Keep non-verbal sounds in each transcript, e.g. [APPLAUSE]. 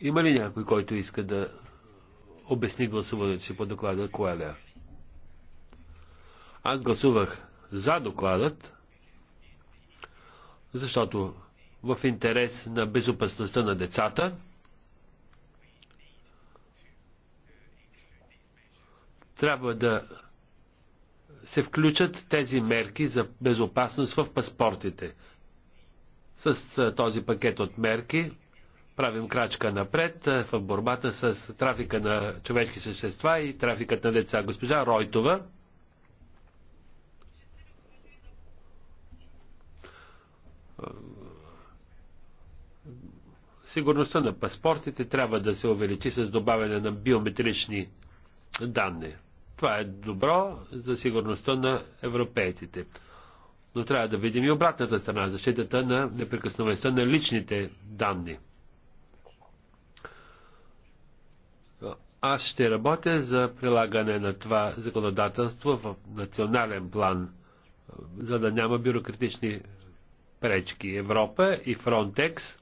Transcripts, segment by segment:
Има ли някой, който иска да обясни гласуването си по доклада Коеля? Аз гласувах за докладът, защото в интерес на безопасността на децата трябва да се включат тези мерки за безопасност в паспортите. С този пакет от мерки правим крачка напред в борбата с трафика на човешки същества и трафикът на деца. Госпожа Ройтова. Сигурността на паспортите трябва да се увеличи с добавяне на биометрични данни. Това е добро за сигурността на европейците. Но трябва да видим и обратната страна, защитата на неприкосновеността на личните данни. Аз ще работя за прилагане на това законодателство в национален план, за да няма бюрократични пречки. Европа и Фронтекс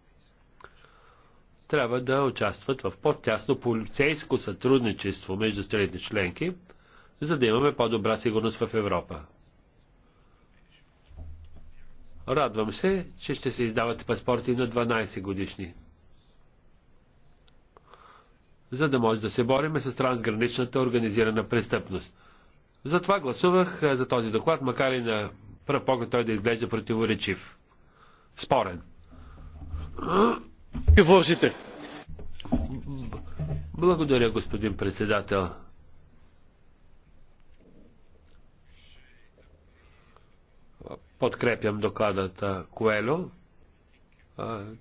трябва да участват в по-тясно полицейско сътрудничество между страните членки, за да имаме по-добра сигурност в Европа. Радвам се, че ще се издават паспорти на 12 годишни за да може да се бориме с трансграничната организирана престъпност. Затова гласувах е, за този доклад, макар и на пръв поглед той да изглежда противоречив. Спорен. Вложите. Благодаря, господин председател. Подкрепям докладата е, Коело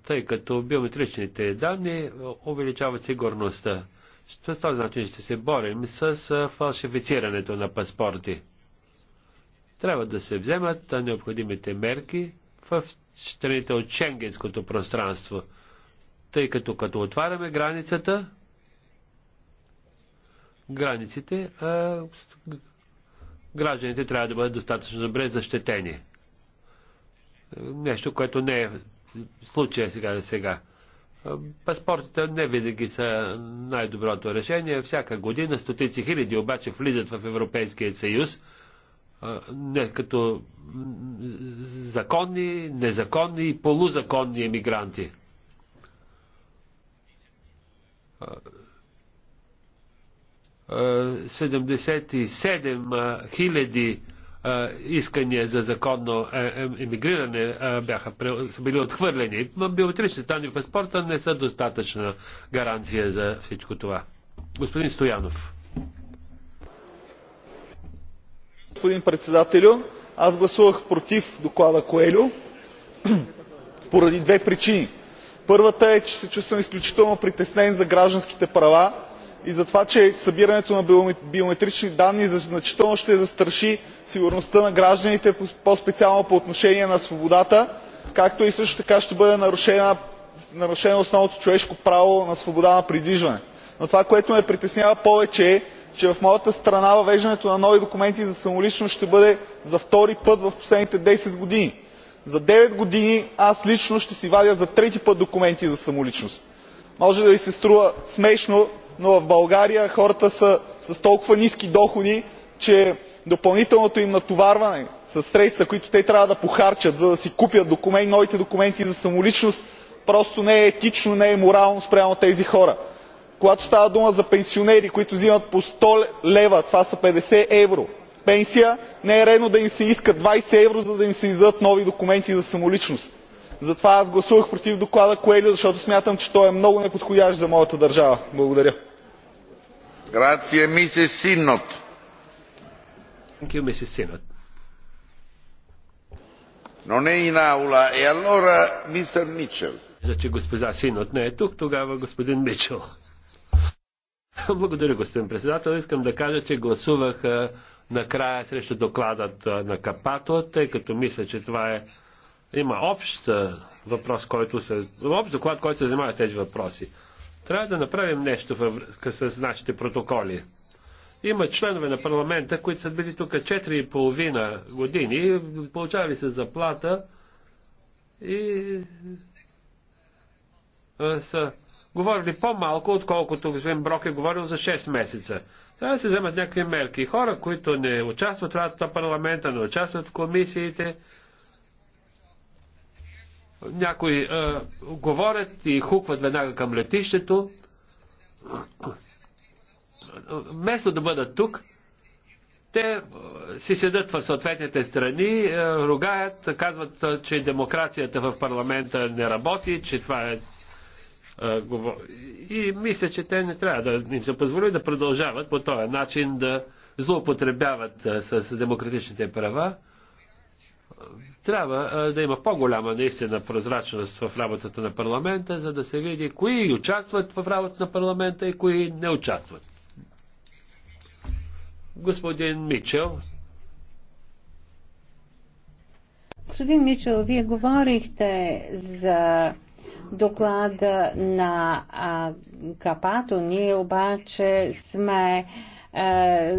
тъй като биометричните данни увеличават сигурността. С този начин ще се борим с фалшифицирането на паспорти. Трябва да се вземат необходимите мерки в страните от Шенгенското пространство, тъй като като отваряме границата, границите, а, гражданите трябва да бъдат достатъчно добре защитени. Нещо, което не е случая сега за сега. Паспортите не винаги са най-доброто решение. Всяка година стотици хиляди обаче влизат в Европейския съюз не като законни, незаконни и полузаконни емигранти. Uh, 77 хиляди uh, искания за законно емигриране бяха са били отхвърлени. Биометрични данни в паспорта не са достатъчна гаранция за всичко това. Господин Стоянов. Господин председателю, аз гласувах против доклада Коелю [CLEARS THROAT] поради две причини. Първата е, че се чувствам изключително притеснен за гражданските права и за това че събирането на биометрични данни значително ще застраши сигурността на гражданите по специално по отношение на свободата както и също така ще бъде нарушено основното човешко право на свобода на придвижване. но това което ме притеснява повече е че в моята страна въвеждането на нови документи за самоличност ще бъде за втори път в последните десет години. за девет години аз лично ще си вадя за трети път документи за самоличност. може да ви се струва смешно но в българя хората са с толкова ниски доходи че допълнителното им натоварване със средства които те трябва да похарчат за да си купят новите документи за самоличност просто не е етично не е морално спрямо тези хора. когато става дума за пенсионери които взимат по сто лева това са 50 евро пенсия не е редно да им се искат 20 евро за да им се издадат нови документи за самоличност затова аз гласувах против доклада коелho защото смятам че той е много неподходящ за моята държава. благодаря. Значи госпожа Синот не е тук, тогава господин Мичел. Благодаря, господин председател. Искам да кажа, че гласувах накрая срещу докладът на Капато, тъй като мисля, че това е има общ въпрос, който се... Общ доклад, който се занимава тези въпроси. Трябва да направим нещо във... с нашите протоколи. Има членове на парламента, които са били тук 4,5 години, получавали се заплата и са говорили по-малко, отколкото господин Брок е говорил за 6 месеца. Трябва да се вземат някакви мерки. Хора, които не участват в парламента, не участват в комисиите, някои е, говорят и хукват веднага към летището. Место да бъдат тук, те е, си седат в съответните страни, е, ругаят, казват, е, че демокрацията в парламента не работи, че това е. И мисля, че те не трябва да им се позволи да продължават по този начин да злоупотребяват с демократичните права трябва да има по-голяма наистина прозрачност в работата на парламента, за да се види кои участват в работата на парламента и кои не участват. Господин Мичел. Господин Мичел, вие говорихте за доклада на Капато. Ние обаче сме е,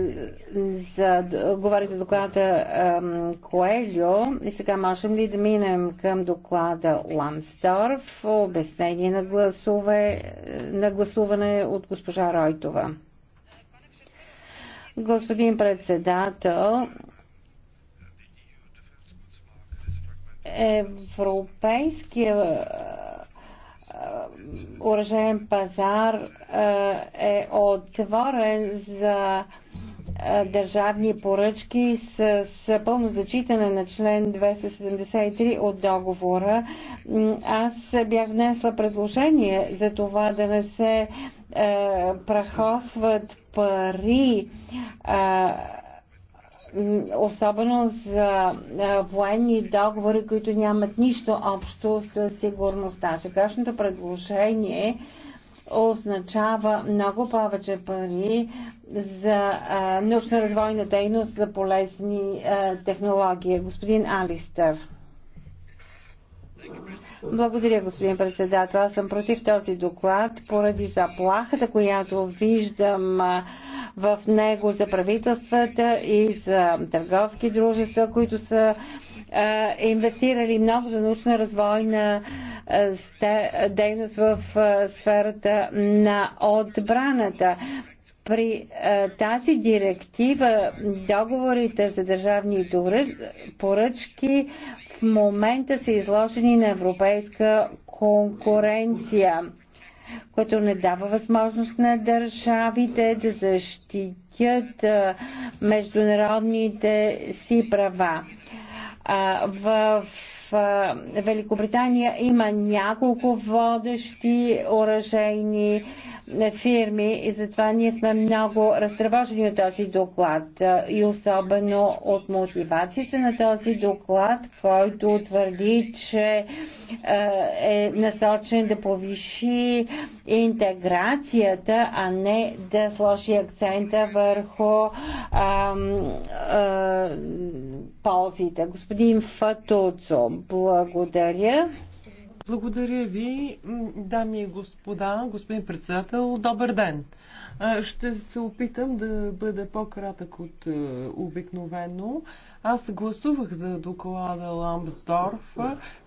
за, говорите за доклада Коелио и сега можем ли да минем към доклада Ламсдорф, обяснение на, гласове, на гласуване от госпожа Ройтова. Господин председател, Европейския оръжен пазар е отворен за държавни поръчки с, с пълно зачитане на член 273 от договора. Аз бях внесла предложение за това да не се е, прахосват пари. Е, особено за военни договори, които нямат нищо общо с сигурността. Сегашното предложение означава много повече пари за научно-развойна дейност за полезни технологии. Господин Алистър. Благодаря, господин председател. Аз съм против този доклад поради заплахата, която виждам в него за правителствата и за търговски дружества, които са инвестирали много за научна развойна дейност в сферата на отбраната при а, е, тази директива договорите за държавни поръчки в момента са изложени на европейска конкуренция, което не дава възможност на държавите да защитят а, е, международните си права. А, в Великобритания има няколко водещи оръжейни фирми и затова ние сме много разтревожени от този доклад и особено от мотивацията на този доклад, който твърди, че е насочен да повиши интеграцията, а не да сложи акцента върху ам, а, ползите. Господин Фатуцум, благодаря. Благодаря ви, дами и господа, господин председател, добър ден. Ще се опитам да бъда по-кратък от е, обикновено. Аз гласувах за доклада Ламсдорф,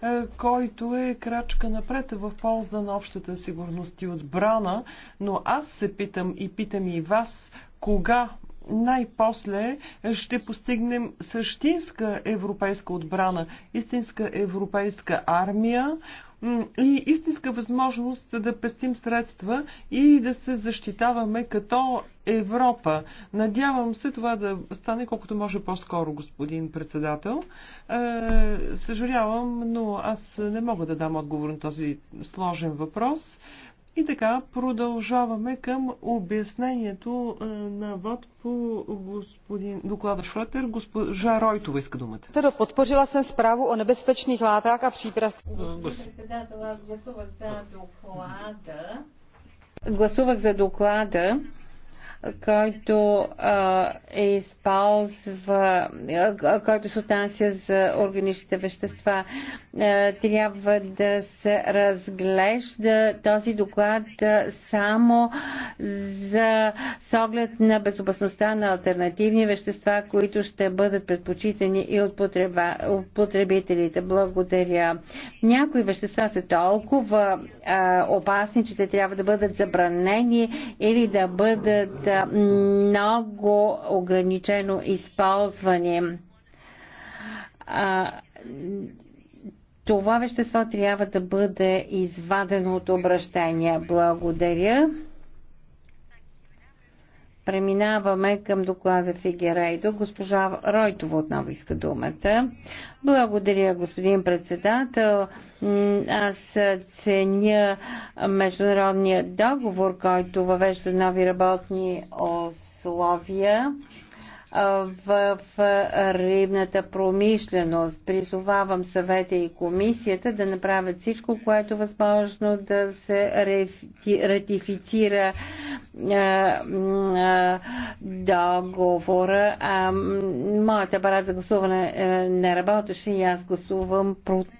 е, който е крачка напред в полза на общата сигурност и отбрана, но аз се питам и питам и вас, кога най-после ще постигнем същинска европейска отбрана, истинска европейска армия и истинска възможност да пестим средства и да се защитаваме като Европа. Надявам се това да стане колкото може по-скоро, господин председател. Е, съжалявам, но аз не мога да дам отговор на този сложен въпрос. И така, продължаваме към обяснението е, на вод по господин доклада Шротер. Госпожа Ройтова иска думата. Седо, подпожила съм справо о небезпечних латах а приправствах. Господин председател, аз гласувах за доклада. Гласувах за доклада който а, е използва, а, който се отнася за органичните вещества. А, трябва да се разглежда този доклад само за с оглед на безопасността на альтернативни вещества, които ще бъдат предпочитани и от потребителите. Благодаря. Някои вещества са толкова а, опасни, че те трябва да бъдат забранени или да бъдат много ограничено използвани. А, това вещество трябва да бъде извадено от обращения. Благодаря. Преминаваме към доклада Фигерейдо. Госпожа Ройтова отново иска думата. Благодаря, господин председател. Аз ценя международния договор, който въвежда нови работни условия в, рибната промишленост. Призовавам съвета и комисията да направят всичко, което е възможно да се ратифицира договора. моят апарат за гласуване е, не работеше и аз гласувам против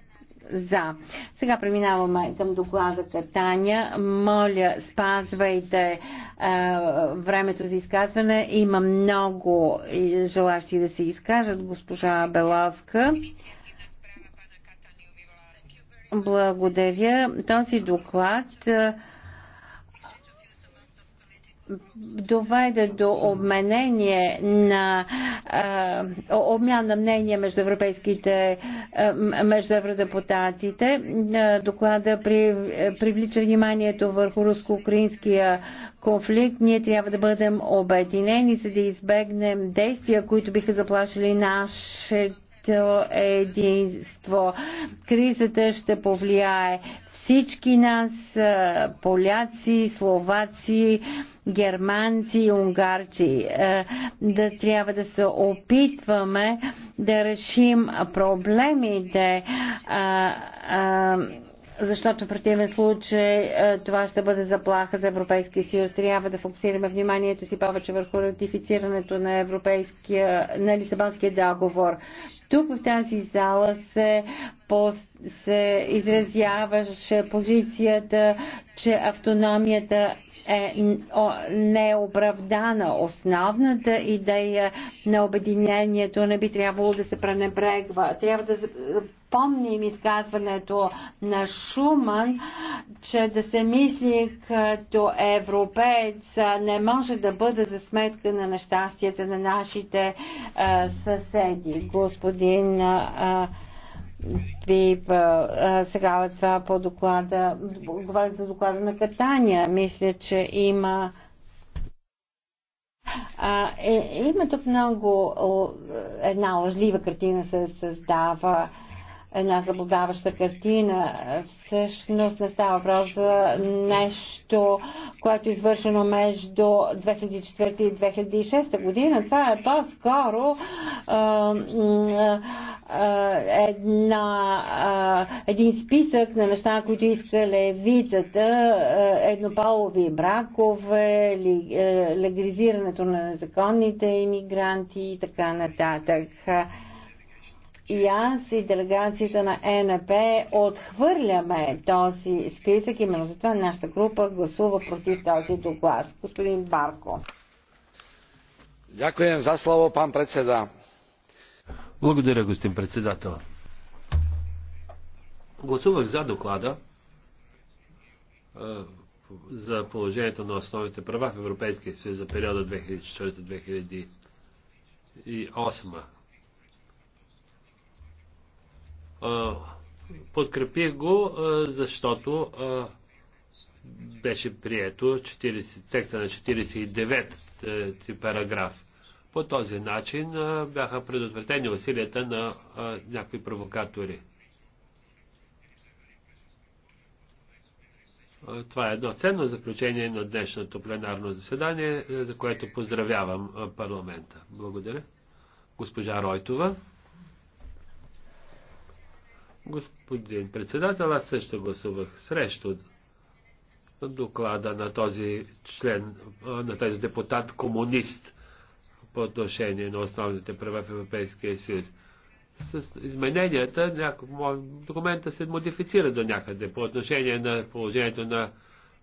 за. Сега преминаваме към доклада Катаня. Моля, спазвайте е, времето за изказване. Има много желащи да се изкажат. Госпожа Беласка. Благодаря. Този доклад е, доведе до обменение на обмяна на мнение между европейските между евродепутатите. Доклада при, привлича вниманието върху руско-украинския конфликт. Ние трябва да бъдем обединени, за да избегнем действия, които биха заплашили нашето европейско единство. Кризата ще повлияе всички нас, поляци, словаци, германци и унгарци. Да трябва да се опитваме да решим проблемите защото в противен случай е, това ще бъде заплаха за Европейския съюз. Трябва да фокусираме вниманието си повече върху ратифицирането на, европейския, на Лисабонския договор. Тук в тази зала се, по, се изразяваше позицията, че автономията е неоправдана. Е Основната идея на обединението не би трябвало да се пренебрегва. Трябва да помним изказването на Шуман, че да се мисли като европеец не може да бъде за сметка на нещастията на нашите съседи. Господин а, бива сега това по доклада, говоря за доклада на Катания. Мисля, че има а, е, има тук много една лъжлива картина се създава една заблудаваща картина. Всъщност не става въпрос за нещо, което е извършено между 2004 и 2006 година. Това е по-скоро една, един списък на неща, които иска левицата, еднополови бракове, легализирането на незаконните иммигранти и така нататък и аз и делегацията на ЕНП отхвърляме този списък. Именно за това нашата група гласува против този доклад. Господин Барко. Дякуем за слово, пан председа. Благодаря, господин председател. Гласувах за доклада за положението на основните права в Европейския съюз за периода 2004-2008 Подкрепих го, защото беше прието 40, текста на 49 е, параграф. По този начин бяха предотвратени усилията на някои провокатори. Това е едно ценно заключение на днешното пленарно заседание, е, за което поздравявам парламента. Благодаря. Госпожа Ройтова. Господин председател, аз също гласувах срещу доклада на този член, на този депутат комунист по отношение на основните права в Европейския съюз. С измененията няко... документа се модифицира до някъде по отношение на положението на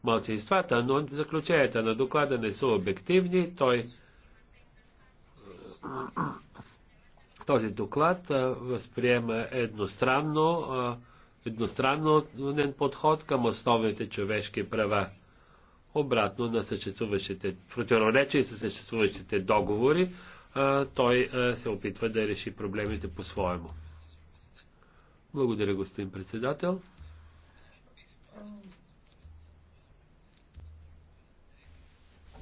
малцинствата, но заключенията на доклада не са обективни. Той този доклад възприема едностранно, едностранно подход към основните човешки права, обратно на съществуващите, противоречие с съществуващите договори, той се опитва да реши проблемите по-своему. Благодаря, господин председател.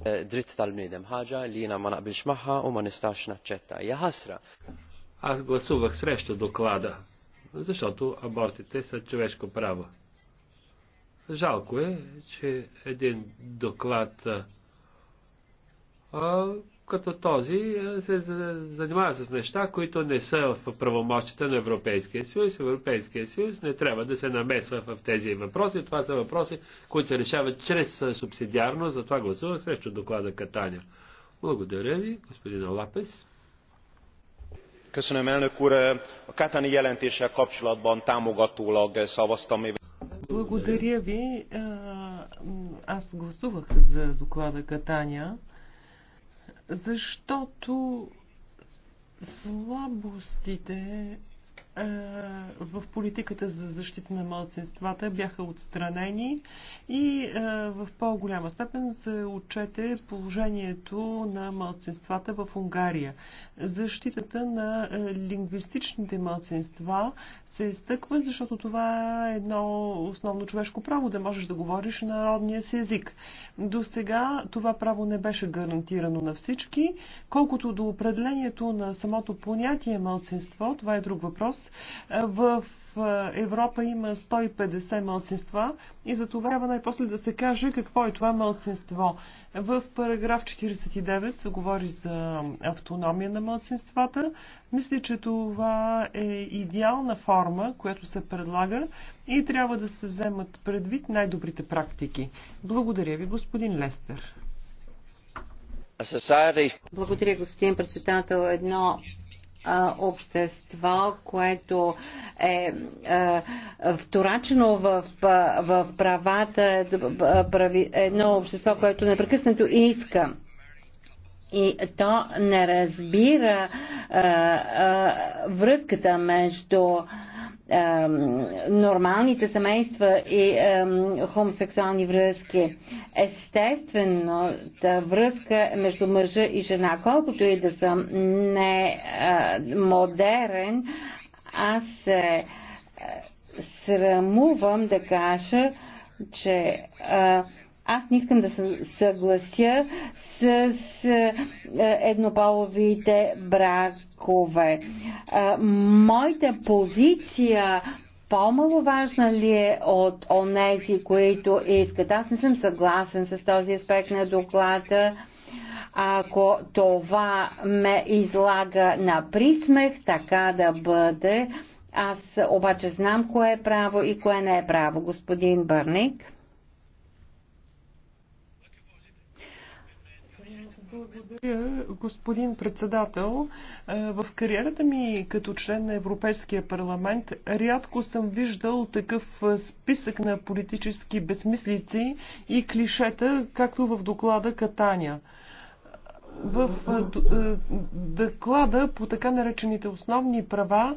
Дрит Талмидем Хаджа, Лина Манабишмаха, Уманисташна Чета. naqbilx аз гласувах срещу доклада, защото абортите са човешко право. Жалко е, че един доклад а, като този се занимава с неща, които не са в правомощите на Европейския съюз. Европейския съюз не трябва да се намесва в тези въпроси. Това са въпроси, които се решават чрез субсидиарно, затова гласувах срещу доклада Катаня. Благодаря ви, господин Лапес a katainen jelentéssel kapcsolatban támogatólag szavaztam mivel. Благодаря ви. Аз защото слабостите е, в политиката за защита на младсинствата бяха отстранени и е, в по-голяма степен се отчете положението на младсинствата в Унгария. Защитата на е, лингвистичните младсинства се изтъква, защото това е едно основно човешко право, да можеш да говориш на родния си език. До сега това право не беше гарантирано на всички. Колкото до определението на самото понятие младсинство, това е друг въпрос, е, в е, Европа има 150 мълцинства и за това трябва най-после да се каже какво е това мълцинство. В параграф 49 се говори за автономия на мълцинствата. Мисля, че това е идеална форма, която се предлага и трябва да се вземат предвид най-добрите практики. Благодаря ви, господин Лестер. Благодаря, господин председател. Едно общество, което е, е вторачено в, в правата, едно общество, което непрекъснато иска. И то не разбира а, а, връзката между а, нормалните семейства и хомосексуални връзки. Естествената връзка между мъжа и жена. Колкото и да съм не модерен, аз се срамувам да кажа, че а, аз не искам да се съглася с, с е, еднополовите бракове. Е, моята позиция по-маловажна ли е от онези, които искат? Аз не съм съгласен с този аспект на доклада. Ако това ме излага на присмех, така да бъде. Аз обаче знам кое е право и кое не е право, господин Бърник. Благодаря, господин председател. Е, в кариерата ми като член на Европейския парламент рядко съм виждал такъв е, списък на политически безмислици и клишета, както в доклада Катания в доклада по така наречените основни права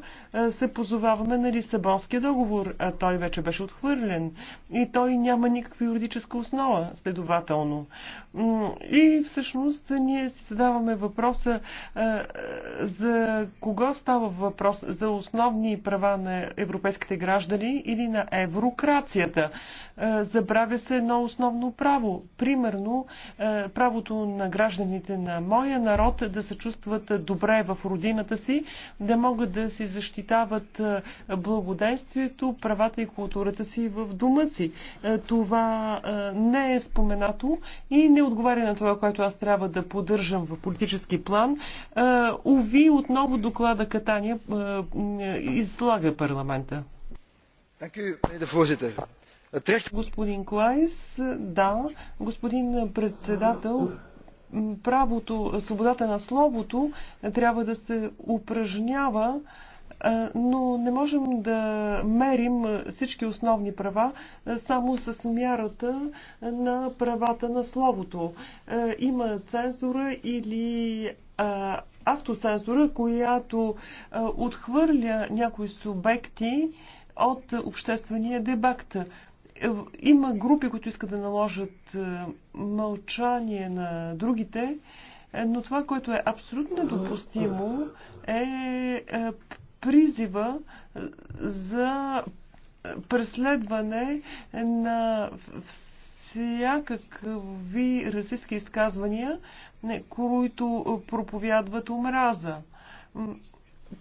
се позоваваме на Лисабонския договор, а той вече беше отхвърлен и той няма никаква юридическа основа, следователно. И всъщност ние си задаваме въпроса за кого става въпрос, за основни права на европейските граждани или на еврокрацията. Забравя се едно основно право, примерно правото на гражданите на на моя народ да се чувстват добре в родината си, да могат да си защитават благоденствието, правата и културата си в дома си. Това не е споменато и не отговаря на това, което аз трябва да поддържам в политически план. Уви, отново доклада Катания излага парламента. Господин Клайс, да, господин председател, правото, свободата на словото трябва да се упражнява, но не можем да мерим всички основни права само с мярата на правата на словото. Има цензура или автоцензура, която отхвърля някои субекти от обществения дебакт. Има групи, които искат да наложат е, мълчание на другите, е, но това, което е абсолютно недопустимо, е, е призива за преследване на всякакви расистски изказвания, които проповядват омраза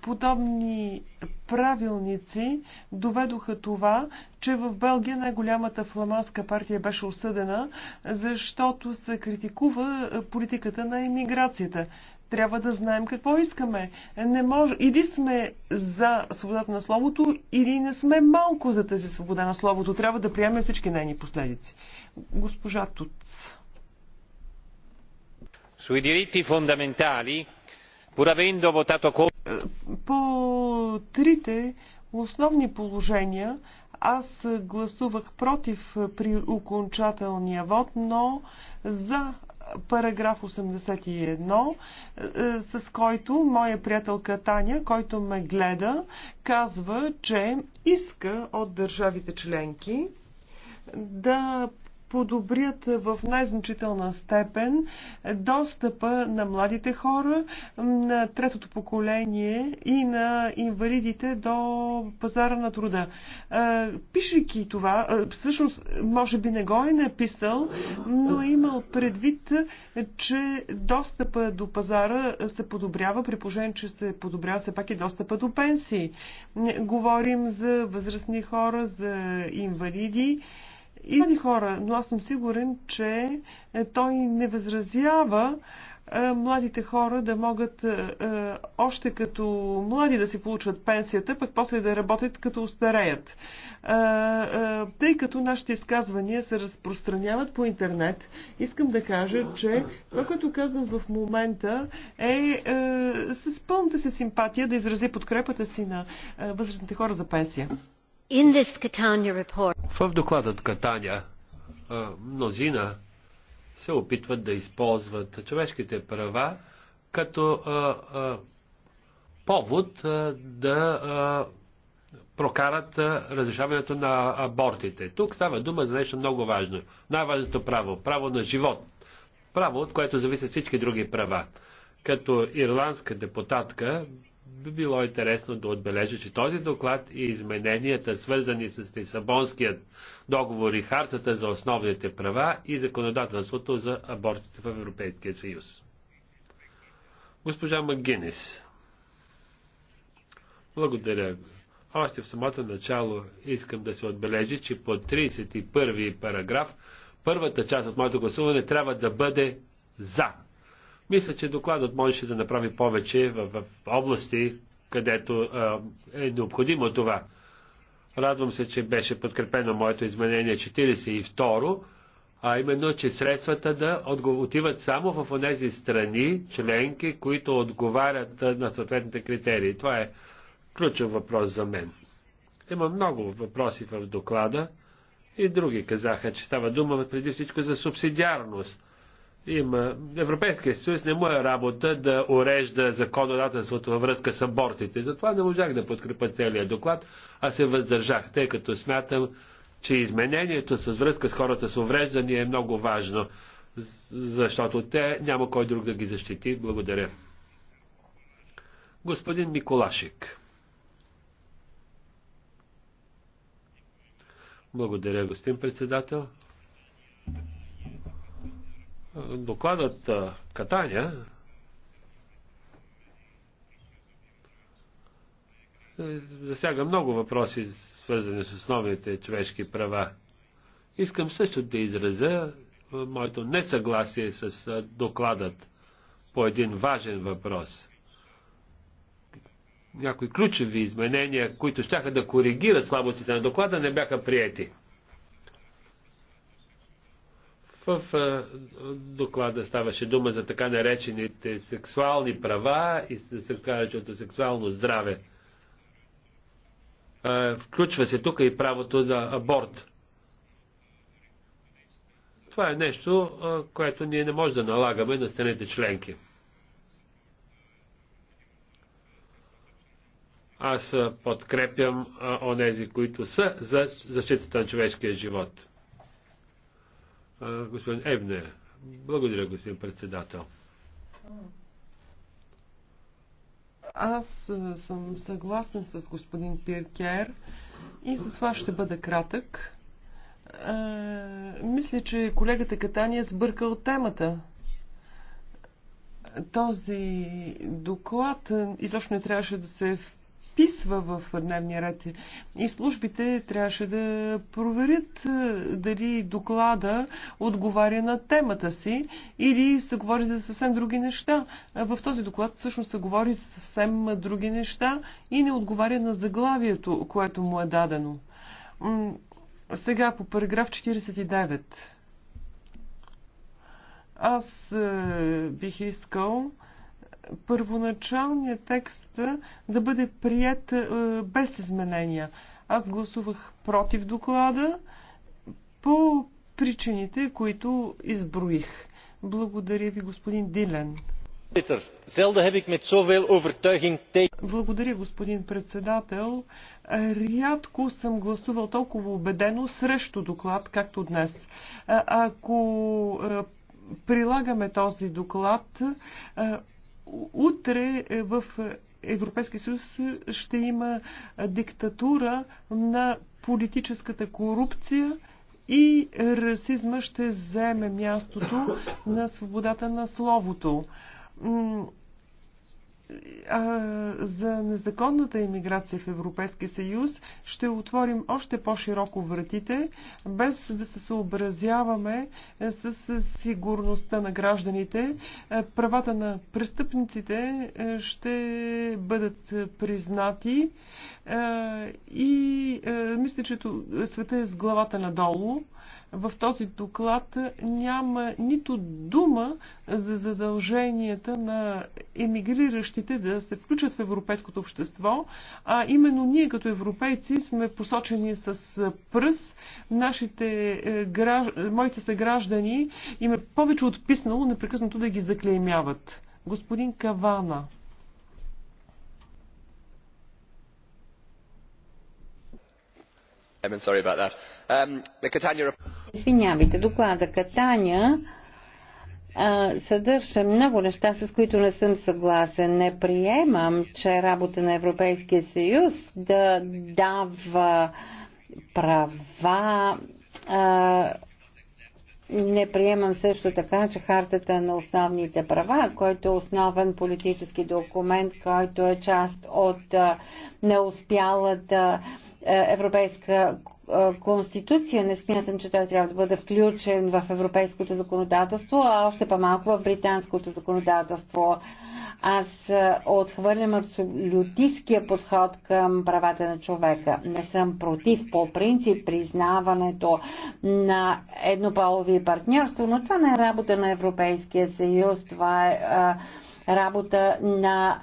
подобни правилници доведоха това, че в Белгия най-голямата фламандска партия беше осъдена, защото се критикува е, политиката на иммиграцията. Трябва да знаем какво искаме. Не може... Или сме за свободата на словото, или не сме малко за тази свобода на словото. Трябва да приемем всички нейни последици. Госпожа Туц. Sui дирити фундаментали pur avendo votato По трите основни положения аз гласувах против при окончателния вод, но за параграф 81, е, с който моя приятелка Таня, който ме гледа, казва, че иска от държавите членки да подобрят в най-значителна степен достъпа на младите хора, на третото поколение и на инвалидите до пазара на труда. Пишейки това, всъщност, може би не го е написал, но е имал предвид, че достъпа до пазара се подобрява, при положение, че се подобрява все пак и достъпа до пенсии. Говорим за възрастни хора, за инвалиди или ами, хора, но аз съм сигурен, че е, той не възразява е, младите хора да могат е, още като млади да си получат пенсията, пък после да работят като устареят. Тъй като нашите изказвания се разпространяват по интернет, искам да кажа, че това, което казвам в момента е с пълната си симпатия да изрази подкрепата си на възрастните хора за пенсия. Report... В докладът Катания мнозина се опитват да използват човешките права като а, а, повод а, да а, прокарат а, разрешаването на абортите. Тук става дума за нещо много важно. Най-важното право право на живот. Право, от което зависят всички други права. Като ирландска депутатка би било интересно да отбележа, че този доклад и измененията, свързани с Лисабонският договор и хартата за основните права и законодателството за абортите в Европейския съюз. Госпожа Магинес. Благодаря. Още в самото начало искам да се отбележи, че по 31 параграф първата част от моето гласуване трябва да бъде за мисля, че докладът можеше да направи повече в, в области, където е необходимо това. Радвам се, че беше подкрепено моето изменение 42, а именно, че средствата да отиват само в тези страни, членки, които отговарят на съответните критерии. Това е ключов въпрос за мен. Има много въпроси в доклада и други казаха, че става дума преди всичко за субсидиарност. Има... Европейския съюз не му е работа да урежда законодателството във връзка с абортите. Затова не можах да подкрепа целия доклад, а се въздържах, тъй като смятам, че изменението с връзка с хората с увреждания е много важно, защото те няма кой друг да ги защити. Благодаря. Господин Миколашик. Благодаря, господин председател. Докладът Катаня е, засяга много въпроси, свързани с основните човешки права. Искам също да изразя моето несъгласие с докладът по един важен въпрос. Някои ключови изменения, които щяха да коригират слабостите на доклада, не бяха приети. В доклада ставаше дума за така наречените сексуални права и за така сексуално здраве. Включва се тук и правото на аборт. Това е нещо, което ние не можем да налагаме на страните членки. Аз подкрепям онези, които са за защитата на човешкия живот. Господин Ебнер. Благодаря, господин председател. Аз съм съгласен с господин Пиркер и затова ще бъда кратък. А, мисля, че колегата Катания е сбърка темата. Този доклад изобщо не трябваше да се вписва в дневния ред. И службите трябваше да проверят дали доклада отговаря на темата си или се говори за съвсем други неща. В този доклад всъщност се говори за съвсем други неща и не отговаря на заглавието, което му е дадено. Сега по параграф 49. Аз бих искал първоначалният текст да бъде прият е, без изменения. Аз гласувах против доклада по причините, които изброих. Благодаря ви, господин Дилен. Благодаря, господин председател. Рядко съм гласувал толкова убедено срещу доклад, както днес. Ако прилагаме този доклад, утре е, в Европейския съюз ще има диктатура на политическата корупция и расизма ще вземе мястото на свободата на словото а, за незаконната иммиграция в Европейския съюз ще отворим още по-широко вратите, без да се съобразяваме е, с сигурността на гражданите. Е, правата на престъпниците е, ще бъдат признати и мисля, че света е с главата надолу в този доклад няма нито дума за задълженията на емигриращите да се включат в европейското общество, а именно ние като европейци сме посочени с пръс. Нашите, моите моите съграждани им е повече отписнало непрекъснато да ги заклеймяват. Господин Кавана. Um, Извинявайте, доклада Катания съдържа много неща, с които не съм съгласен. Не приемам, че работа на Европейския съюз да дава права. не приемам също така, че хартата на основните права, който е основен политически документ, който е част от неуспялата е, европейска е, конституция. Не смятам, че той трябва да бъде включен в европейското законодателство, а още по-малко в британското законодателство. Аз е, отхвърлям абсолютистския подход към правата на човека. Не съм против по принцип признаването на еднополови партньорство, но това не е работа на Европейския съюз. Това е а, работа на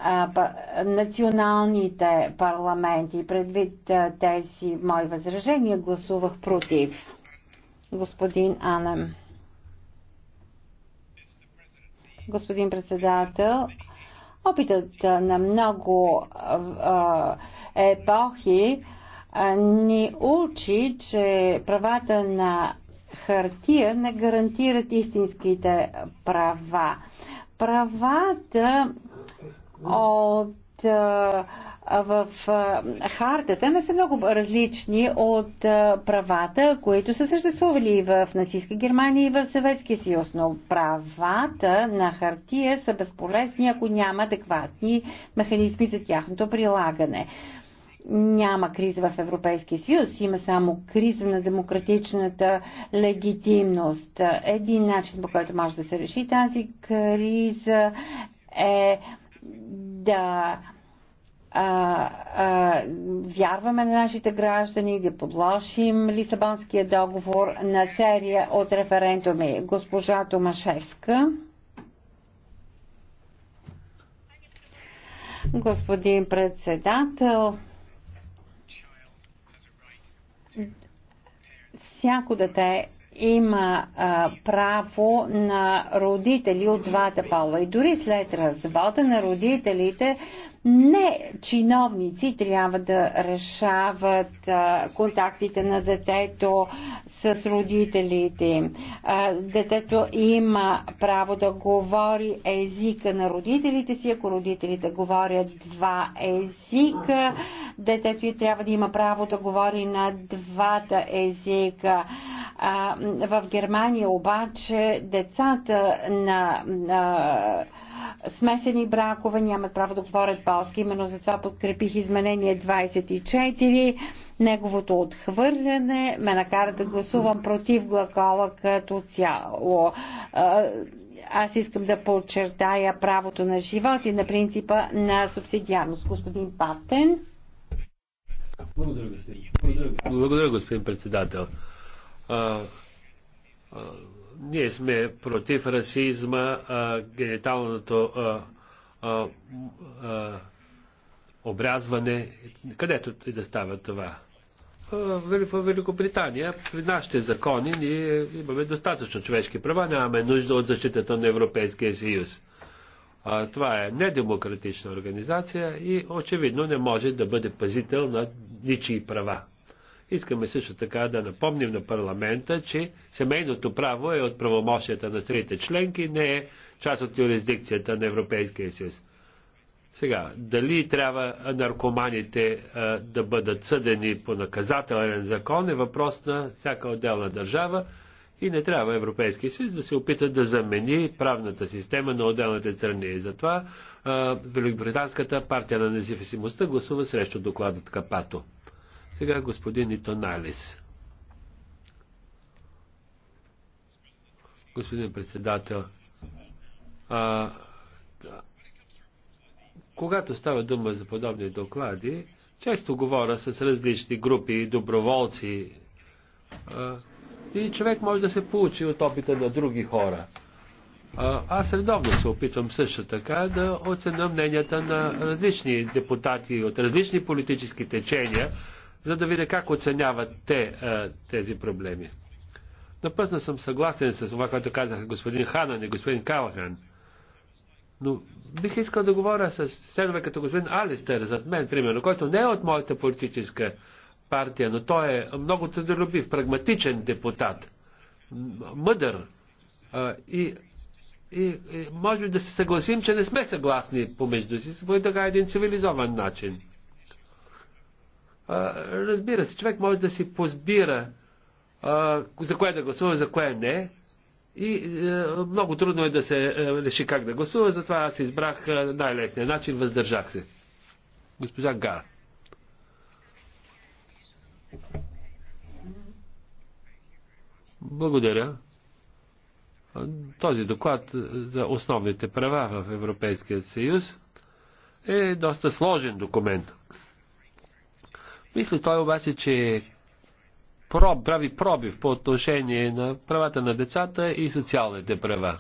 националните парламенти. Предвид тези мои възражения гласувах против. Господин Анем. Господин председател, опитът на много епохи ни учи, че правата на хартия не гарантират истинските права. Правата от в хартата не са много различни от правата, които са съществували и в нацистска Германия и в Съветския съюз, но правата на хартия са безполезни, ако няма адекватни механизми за тяхното прилагане няма криза в Европейския съюз, има само криза на демократичната легитимност. Един начин, по който може да се реши тази криза е да а, а, вярваме на нашите граждани, да подложим Лисабонския договор на серия от референдуми. Госпожа Томашевска. Господин председател, всяко дете има а, право на родители от двата пола. И дори след развода на родителите, не чиновници трябва да решават а, контактите на детето с родителите А, детето има право да говори езика на родителите си, ако родителите говорят два езика детето и трябва да има право да говори на двата езика. А, в Германия обаче децата на, на смесени бракове нямат право да говорят полски. Именно затова подкрепих изменение 24. Неговото отхвърляне ме накара да гласувам против глакола като цяло. Аз искам да подчертая правото на живот и на принципа на субсидиарност. Господин Патен. Благодаря, господин. Благодаря, господин председател. А, а, ние сме против расизма, а, гениталното а, а, а, обрязване, където и да става това. В Великобритания при нашите закони ние имаме достатъчно човешки права, нямаме нужда от защитата на Европейския съюз това е недемократична организация и очевидно не може да бъде пазител на ничии права. Искаме също така да напомним на парламента, че семейното право е от правомощията на трите членки, не е част от юрисдикцията на Европейския съюз. Сега, дали трябва наркоманите а, да бъдат съдени по наказателен закон е въпрос на всяка отделна държава. И не трябва Европейския съюз да се опита да замени правната система на отделните страни. И затова Великобританската партия на независимостта гласува срещу докладът Капато. Сега господин Итоналис. Господин председател, а, когато става дума за подобни доклади, често говоря с различни групи доброволци, а, и човек може да се получи от опита на други хора. Аз редовно се опитвам също така да оценя мненията на различни депутати от различни политически течения, за да видя как оценяват те тези проблеми. Напъсна съм съгласен с това, което казаха господин Ханан и господин Калахан. Но бих искал да говоря с членове като господин Алистер зад мен, примерно, който не е от моята политическа партия, но той е много трудолюбив, прагматичен депутат, мъдър и, и, и може би да се съгласим, че не сме съгласни помежду си, по така един цивилизован начин. Разбира се, човек може да си позбира за кое да гласува, за кое не. И е, много трудно е да се е, реши как да гласува, затова аз избрах е, най-лесния начин, въздържах се. Госпожа Гар. Благодаря. Този доклад за основните права в Европейския съюз е доста сложен документ. Мисля той обаче, че е проб, прави пробив по отношение на правата на децата и социалните права.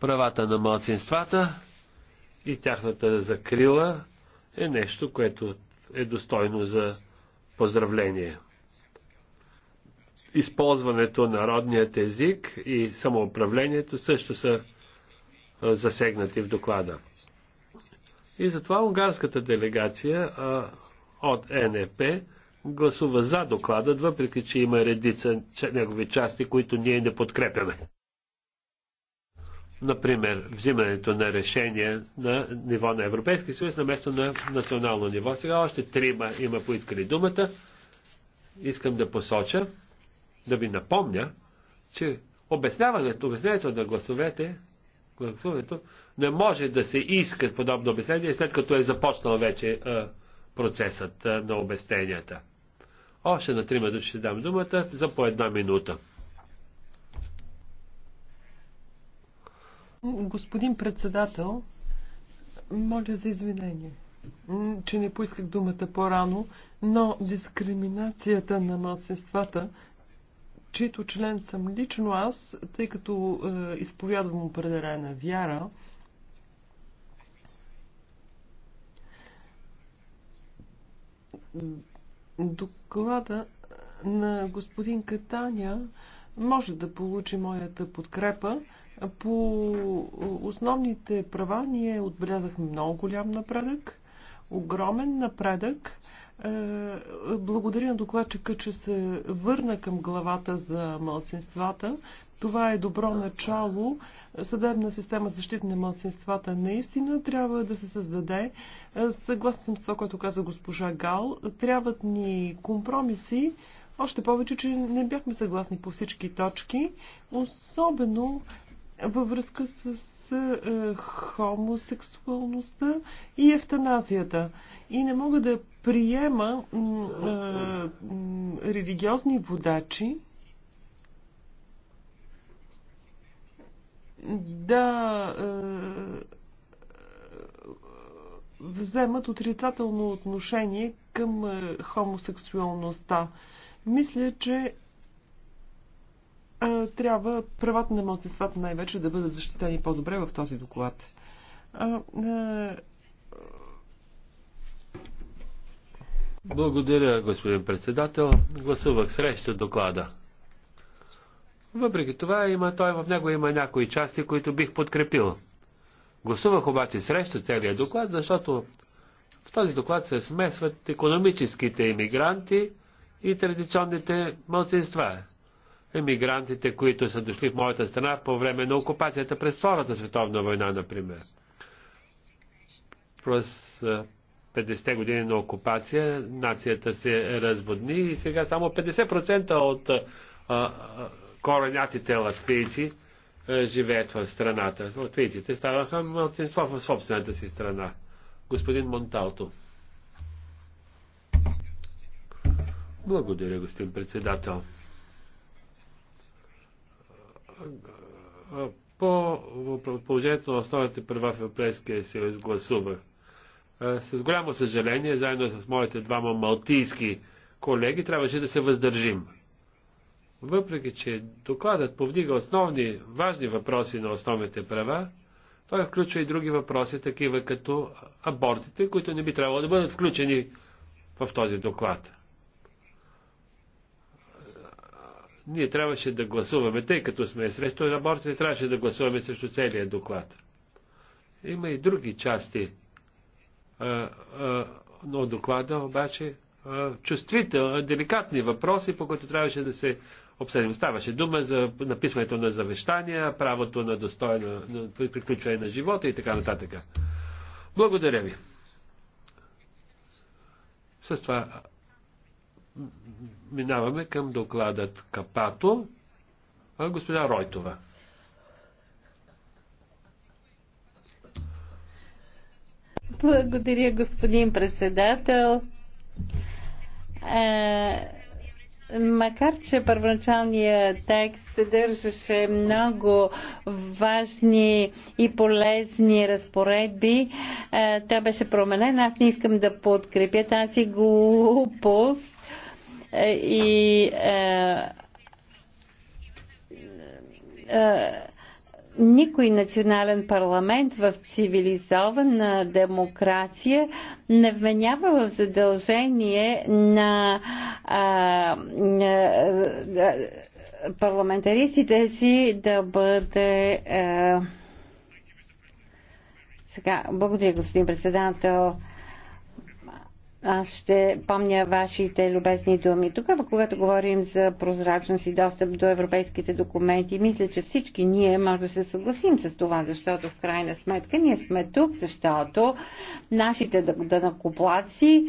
Правата на младсинствата и тяхната закрила е нещо, което е достойно за поздравление използването на народният език и самоуправлението също са засегнати в доклада. И затова унгарската делегация от НЕП гласува за доклада, въпреки че има редица негови части, които ние не подкрепяме. Например, взимането на решение на ниво на Европейски съюз на место на национално ниво. Сега още трима има поискали думата. Искам да посоча да ви напомня, че обясняването, обяснението на гласовете, гласуването не може да се иска подобно обяснение, след като е започнал вече а, процесът а, на обясненията. Още на трима души ще дам думата за по една минута. Господин председател, моля за извинение, че не поисках думата по-рано, но дискриминацията на младсинствата чието член съм лично аз, тъй като е, изповядвам определена вяра, доклада на господин Катаня може да получи моята подкрепа. По основните права ние отбелязахме много голям напредък, огромен напредък. Е, благодаря на докладчика, че се върна към главата за малцинствата. Това е добро начало. Съдебна система защита на малцинствата наистина трябва да се създаде. Е, Съгласен съм с това, което каза госпожа Гал. Трябват ни компромиси, още повече, че не бяхме съгласни по всички точки, особено във връзка с е, хомосексуалността и евтаназията. И не мога да приема е, е, религиозни водачи да е, вземат отрицателно отношение към е, хомосексуалността. Мисля, че трябва правата на младсинствата най-вече да бъдат защитени по-добре в този доклад. Благодаря, господин председател. Гласувах срещу доклада. Въпреки това, има, той в него има някои части, които бих подкрепил. Гласувах обаче срещу целият доклад, защото в този доклад се смесват економическите иммигранти и традиционните мълцинства емигрантите, които са дошли в моята страна по време на окупацията през Втората световна война, например. През 50-те години на окупация нацията се разводни и сега само 50% от а, кореняците латвийци живеят в страната. Латвийците ставаха мълцинство в собствената си страна. Господин Монталто. Благодаря, господин председател по положението на основните права в Европейския съюз гласувах. С голямо съжаление, заедно с моите двама малтийски колеги, трябваше да се въздържим. Въпреки, че докладът повдига основни, важни въпроси на основните права, той включва и други въпроси, такива като абортите, които не би трябвало да бъдат включени в този доклад. Ние трябваше да гласуваме, тъй като сме срещу аборта, трябваше да гласуваме срещу целия доклад. Има и други части но доклада, обаче чувствителни, деликатни въпроси, по които трябваше да се обсъдим. Ставаше дума за написването на завещания, правото на достойно на приключване на живота и така нататък. Благодаря ви. С това минаваме към докладът Капато. А, господа Ройтова. Благодаря, господин председател. Е, макар, че първоначалният текст съдържаше много важни и полезни разпоредби, е, тя беше променена. Аз не искам да подкрепя тази глупост е, и е, е, никой национален парламент в цивилизована демокрация не вменява в задължение на, е, е, парламентаристите си да бъде. Е, Сега, благодаря, господин председател. Аз ще помня вашите любезни думи. Тогава, когато говорим за прозрачност и достъп до европейските документи, мисля, че всички ние може да се съгласим с това, защото в крайна сметка ние сме тук, защото нашите данакоплаци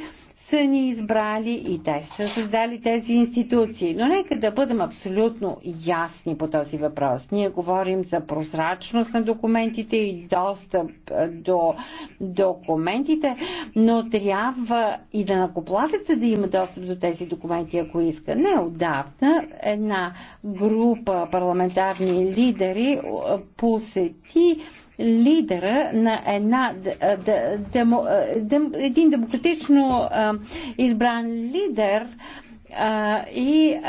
са ни избрали и те са създали тези институции. Но нека да бъдем абсолютно ясни по този въпрос. Ние говорим за прозрачност на документите и достъп до документите, но трябва и да накоплатеца да има достъп до тези документи, ако иска. Не отдавна една група парламентарни лидери посети лидера на една, демо, дем, един демократично избран лидер и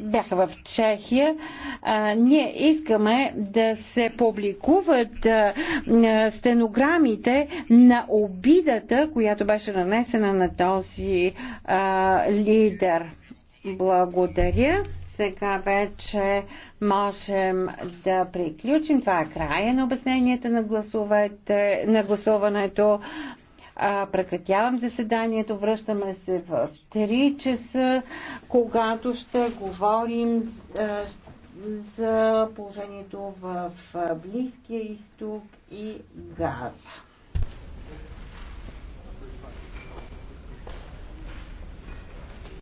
бяха в Чехия. ние искаме да се публикуват стенограмите на обидата, която беше нанесена на този лидер. Благодаря. Сега вече можем да приключим. Това е края на обясненията на, гласовете, на гласуването. прекратявам заседанието. Връщаме се в 3 часа, когато ще говорим за положението в Близкия изток и Газа.